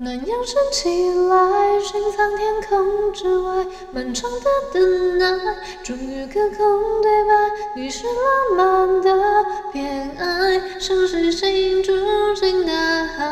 暖陽升起來，升上天空之外，漫長的等待，終於隔空對白你是浪漫的偏愛城市傾注心海。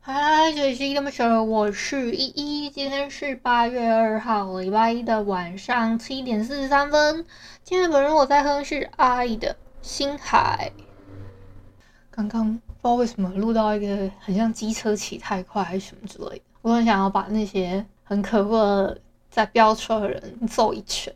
嗨嗨嗨，這裡是依依戀不捨，我是依依，今天是八月二號禮拜一的晚上七點四十三分，今天本人我在哼是愛的星海。剛剛不知道為什麼錄到一個很像機車騎太快還是什麼之類的，我很想要把那些很可惡的在飆車的人揍一拳。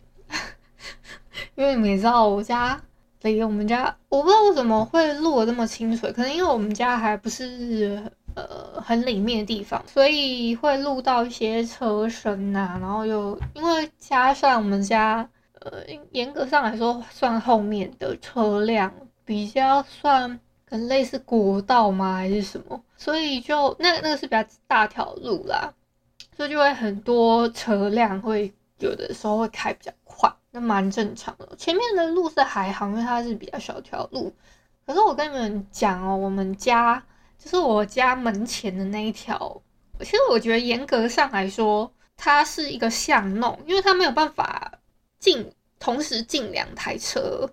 因為你們也知道，我家離我們家，我不知道為什麼會錄的這麼清楚，可能因為我們家還不是呃很裡面的地方，所以會錄到一些車身吶、啊。然後又因為加上我們家，呃，嚴格上來說算後面的車輛比較算。類似國道嗎？還是什麼所以就那那個是比較大條路啦，所以就會很多車輛會有的時候會開比較快，那蠻正常的。前面的路是還好，因為它是比較小條路。可是我跟你們講哦、喔，我們家就是我家門前的那一條，其實我覺得嚴格上來說，它是一個巷弄，因為它沒有辦法進同時進兩台車。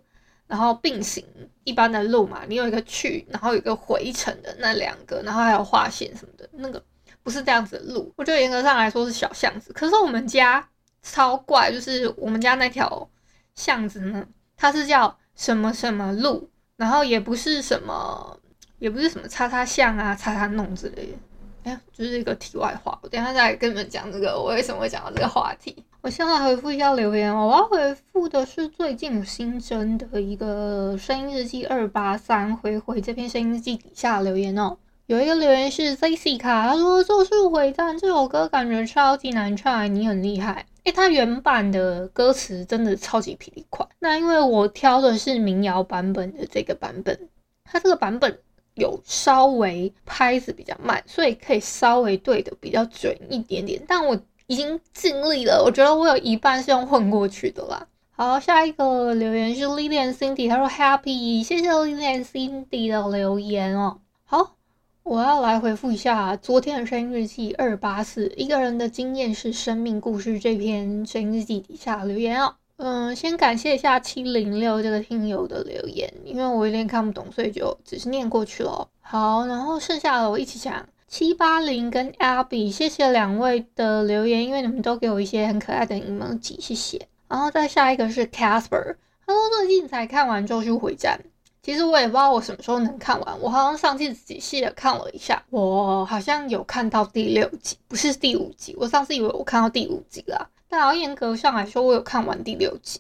然後並行一般的路嘛，你有一個去，然後有一個回程的那兩個，然後還有劃線什麼的，那個不是這樣子的路。我覺得嚴格上來說是小巷子，可是我們家超怪，就是我們家那條巷子呢，它是叫什麼什麼路，然後也不是什麼，也不是什麼叉叉巷啊、叉叉弄之類的。哎，就是一個題外話，我等一下再跟你們講這個，我為什麼會講到這個話題。我先來回復一下留言、哦，我要回復的是最近新增的一個聲音日記二八三回回這篇聲音日記底下留言哦。有一個留言是 ZC 卡，他說咒術迴戰這首歌感覺超級難唱你很厲害。哎，他、欸、原版的歌詞真的超級霹靂快，那因為我挑的是民謠版本的這個版本，它這個版本有稍微拍子比較慢，所以可以稍微對得比較準一點點。但我。已經盡力了，我覺得我有一半是用混過去的啦。好，下一個留言是 Lilian Cindy，她說 Happy，謝謝 Lilian Cindy 的留言哦。好，我要來回覆一下昨天的聲音日記二八四，一個人的經驗是生命故事這篇聲音日記底下留言哦。嗯，先感謝一下七零六這個聽友的留言，因為我有點看不懂，所以就只是念過去了。好，然後剩下的我一起講。七八零跟 Abby，謝謝兩位的留言，因為你們都給我一些很可愛的 emoji，謝謝。然後再下一個是 Casper，他說最近才看完《咒術迴戰》，其實我也不知道我什麼時候能看完。我好像上次仔細的看了一下，我好像有看到第六集，不是第五集。我上次以為我看到第五集啦，但嚴格上來說，我有看完第六集。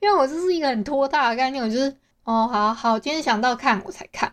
因為我這是一個很拖大的概念，我就是。哦，好好，今天想到看我才看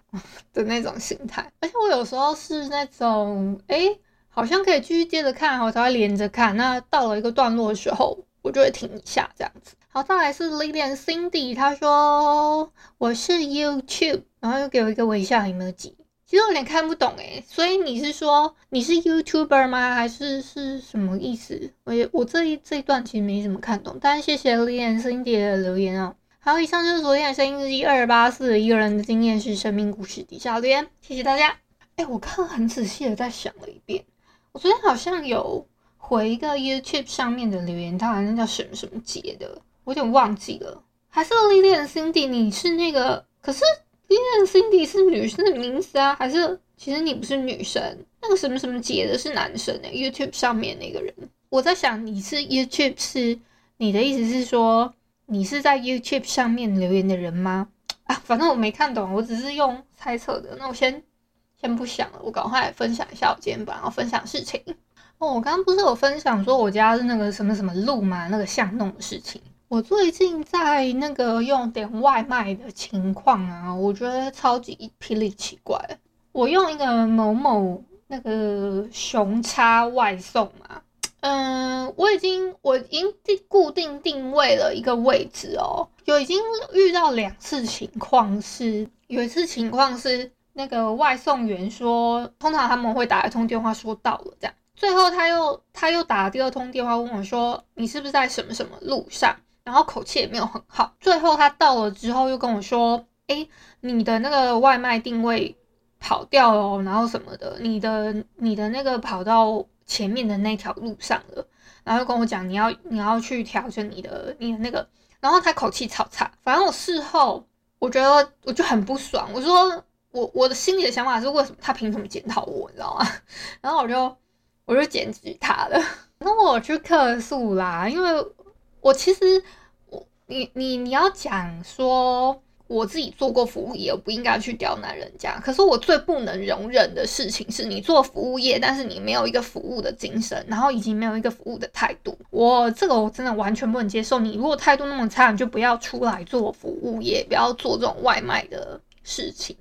的那種心態，而且我有時候是那種，哎、欸，好像可以繼續接着看，我才會連着看。那到了一個段落的時候，我就會停一下這樣子。好，再來是 Lilian Cindy，她說我是 YouTube，然後又給我一個微笑 emoji。其實我有點看不懂哎、欸，所以你是說你是 YouTuber 嗎？還是是什麼意思？我也我這一這一段其實沒怎麼看懂，但謝謝 Lilian Cindy 的留言哦、喔好，以上就是昨天的聲音《聲音日記》二八四一個人的經驗是生命故事底下的留言，謝謝大家。哎、欸，我剛很仔細的再想了一遍，我昨天好像有回一個 YouTube 上面的留言，他好像叫什麼什麼杰的，我有點忘記了。還是 Lilian Cindy，你是那個？可是 Lilian Cindy 是女生的名字啊？還是其實你不是女生？那個什麼什麼杰的是男生呢、欸、？YouTube 上面的那個人，我在想你是 YouTube，是你的意思是說？你是在 YouTube 上面留言的人嗎？啊，反正我沒看懂，我只是用猜測的。那我先先不想了，我趕快來分享一下我今天晚上要分享事情。哦，我剛剛不是有分享說我家是那個什麼什麼路嘛，那個巷弄的事情。我最近在那個用點外賣的情況啊，我覺得超級霹靂奇怪。我用一個某某那個熊叉外送嘛、啊。嗯，我已經我已經定固定定位了一個位置哦，有已經遇到兩次情況是，是有一次情況是那個外送員說，通常他們會打一通電話說到了這樣。最後他又他又打了第二通電話問我說你是不是在什麼什麼路上，然後口氣也沒有很好，最後他到了之後又跟我說，哎，你的那個外賣定位跑掉了哦，然後什麼的，你的你的那個跑到前面的那條路上了，然後跟我講你要你要去調整你的你的那個，然後他口氣超差，反正我事後我覺得我就很不爽，我說我我的心裡的想法是為什麼他憑什麼檢討我，你知道嗎？然後我就我就檢舉他了，那我去客訴啦，因為我其實我你你你要講說。我自己做過服務業，我不應該去刁難人家。可是我最不能容忍的事情是你做服務業，但是你沒有一個服務的精神，然後以及沒有一個服務的態度。我這個我真的完全不能接受。你如果態度那麼差，你就不要出來做服務業，不要做這種外賣的事情。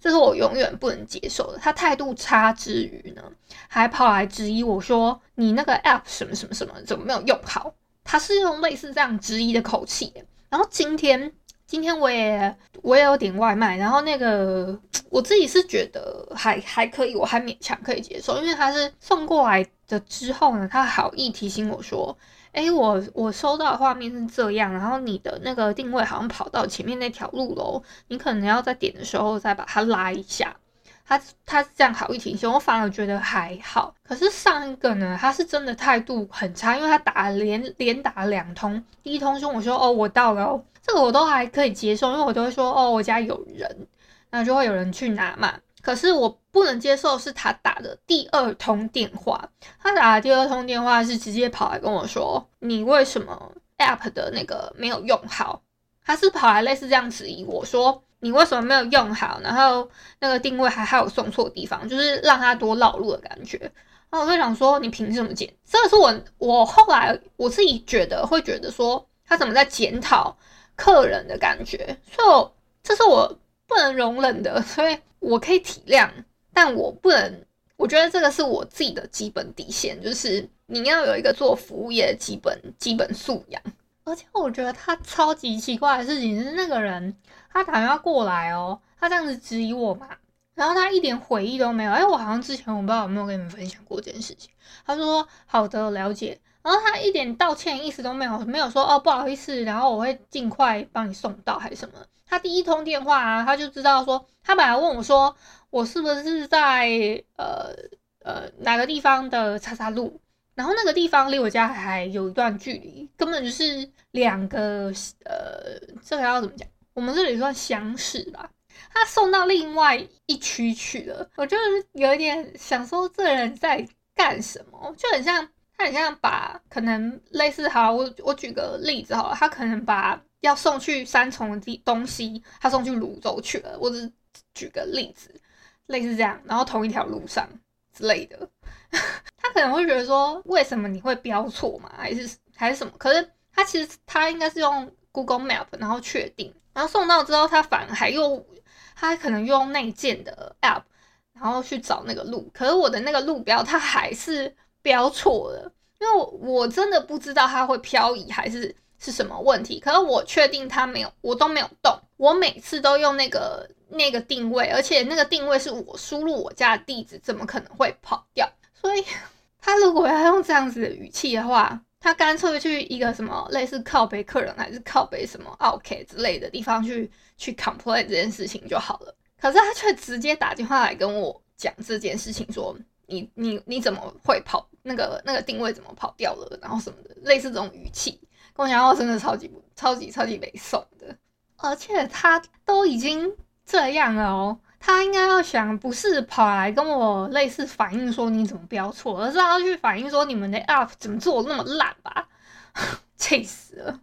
這是我永遠不能接受的。他態度差之餘呢，還跑來質疑我說，你那個 app 什麼什麼什麼怎麼沒有用好？他是用類似這樣質疑的口氣。然後今天。今天我也我也有點外賣，然後那個我自己是覺得還還可以，我還勉強可以接受，因為他是送過來的之後呢，他好意提醒我說，哎，我我收到的畫面是這樣，然後你的那個定位好像跑到前面那條路嘍，你可能要在點的時候再把它拉一下。他他這樣好意提醒我，反而覺得還好。可是上一個呢，他是真的態度很差，因為他打了連連打兩通，第一通說我說哦，我到了，這個我都還可以接受，因為我都會說哦，我家有人，那就會有人去拿嘛。可是我不能接受是他打的第二通電話，他打的第二通電話是直接跑來跟我說，你為什麼 APP 的那個沒有用好？他是跑來類似這樣質疑我說。你為什麼沒有用好？然後那個定位還有送錯的地方，就是讓他多繞路的感覺。然後我就想說，你憑什麼檢？這是我我後來我自己覺得會覺得說，他怎麼在檢討客人的感覺？所以我這是我不能容忍的，所以我可以體諒，但我不能。我覺得這個是我自己的基本底線，就是你要有一個做服務業的基本基本素養。而且我覺得他超級奇怪的事情是，那個人他打電話過來哦，他這樣子質疑我嘛，然後他一點悔意都沒有。哎、欸，我好像之前我不知道有沒有跟你們分享過這件事情。他說好的了解，然後他一點道歉意思都沒有，沒有說哦不好意思，然後我會盡快幫你送到還是什麼。他第一通電話、啊，他就知道說，他本來問我說我是不是在呃呃哪個地方的叉叉路。然後那個地方離我家還有一段距離，根本就是兩個呃，這個要怎麼講？我們這裡算相識吧。他送到另外一區去了，我就是有一點想說，這人在幹什麼？就很像他，很像把可能類似好，我我舉個例子好了，他可能把要送去三重的東東西，他送去蘆洲去了。我只舉個例子，類似這樣。然後同一條路上。之類的， 他可能會覺得說，為什麼你會標錯嘛？還是還是什麼？可是他其實他應該是用 Google Map，然後確定，然後送到之後，他反而還用他還可能用內建的 App，然後去找那個路。可是我的那個路標，它還是標錯了，因為我我真的不知道它會漂移還是是什麼問題。可是我確定它沒有，我都沒有動，我每次都用那個。那個定位，而且那個定位是我輸入我家的地址，怎麼可能會跑掉？所以他如果要用這樣子的語氣的話，他乾脆去一個什麼類似靠北客人還是靠北什麼 OK 之類的地方去去 complain 這件事情就好了。可是他卻直接打電話來跟我講這件事情說，說你你你怎麼會跑那個那個定位怎麼跑掉了，然後什麼的，類似這種語氣，跟我講話真的超級超級超級沒慫的，而且他都已經。這樣哦，他應該要想，不是跑來跟我類似反應說，你怎麼標錯，而是他要去反應說，你們的 app 怎麼做那麼爛吧？ 氣死了！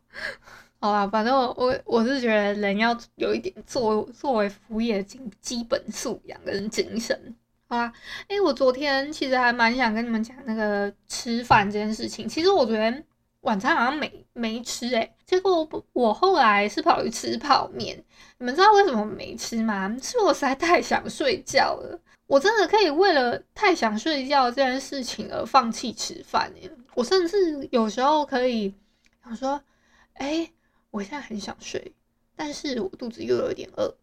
好吧，反正我我我是覺得人要有一點作作為服務業的基本素養跟精神。好吧，誒我昨天其實還蠻想跟你們講那個吃飯這件事情，其實我覺得。晚餐好像沒沒吃誒、欸、結果我後來是跑去吃泡麵。你們知道為什麼我沒吃嗎？是我實在太想睡覺了。我真的可以為了太想睡覺這件事情而放棄吃飯耶、欸。我甚至有時候可以，我想說，哎、欸，我現在很想睡，但是我肚子又有點餓，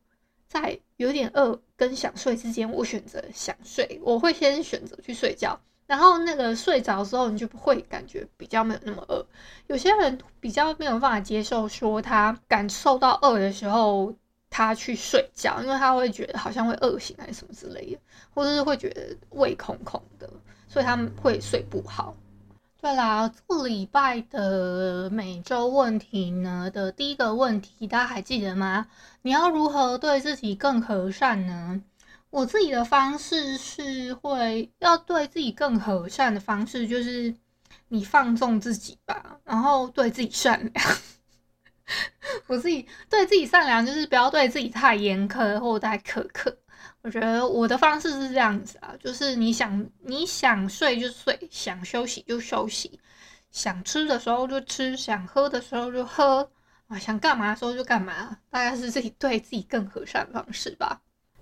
在有點餓跟想睡之間，我選擇想睡。我會先選擇去睡覺。然後那個睡着之後，你就不會感覺比較沒有那麼餓。有些人比較沒有辦法接受說他感受到餓的時候，他去睡覺，因為他會覺得好像會餓醒啊什麼之類的，或者是會覺得胃空空的，所以他們會睡不好。對啦，這個禮拜的每周問題呢的第一個問題，大家還記得嗎？你要如何對自己更和善呢？我自己的方式是會要對自己更和善的方式，就是你放縱自己吧，然後對自己善良。 我自己對自己善良，就是不要對自己太嚴苛或太苛刻。我覺得我的方式是這樣子啊，就是你想你想睡就睡，想休息就休息，想吃的時候就吃，想喝的時候就喝啊，想幹嘛的時候就幹嘛，大概是自己對自己更和善的方式吧。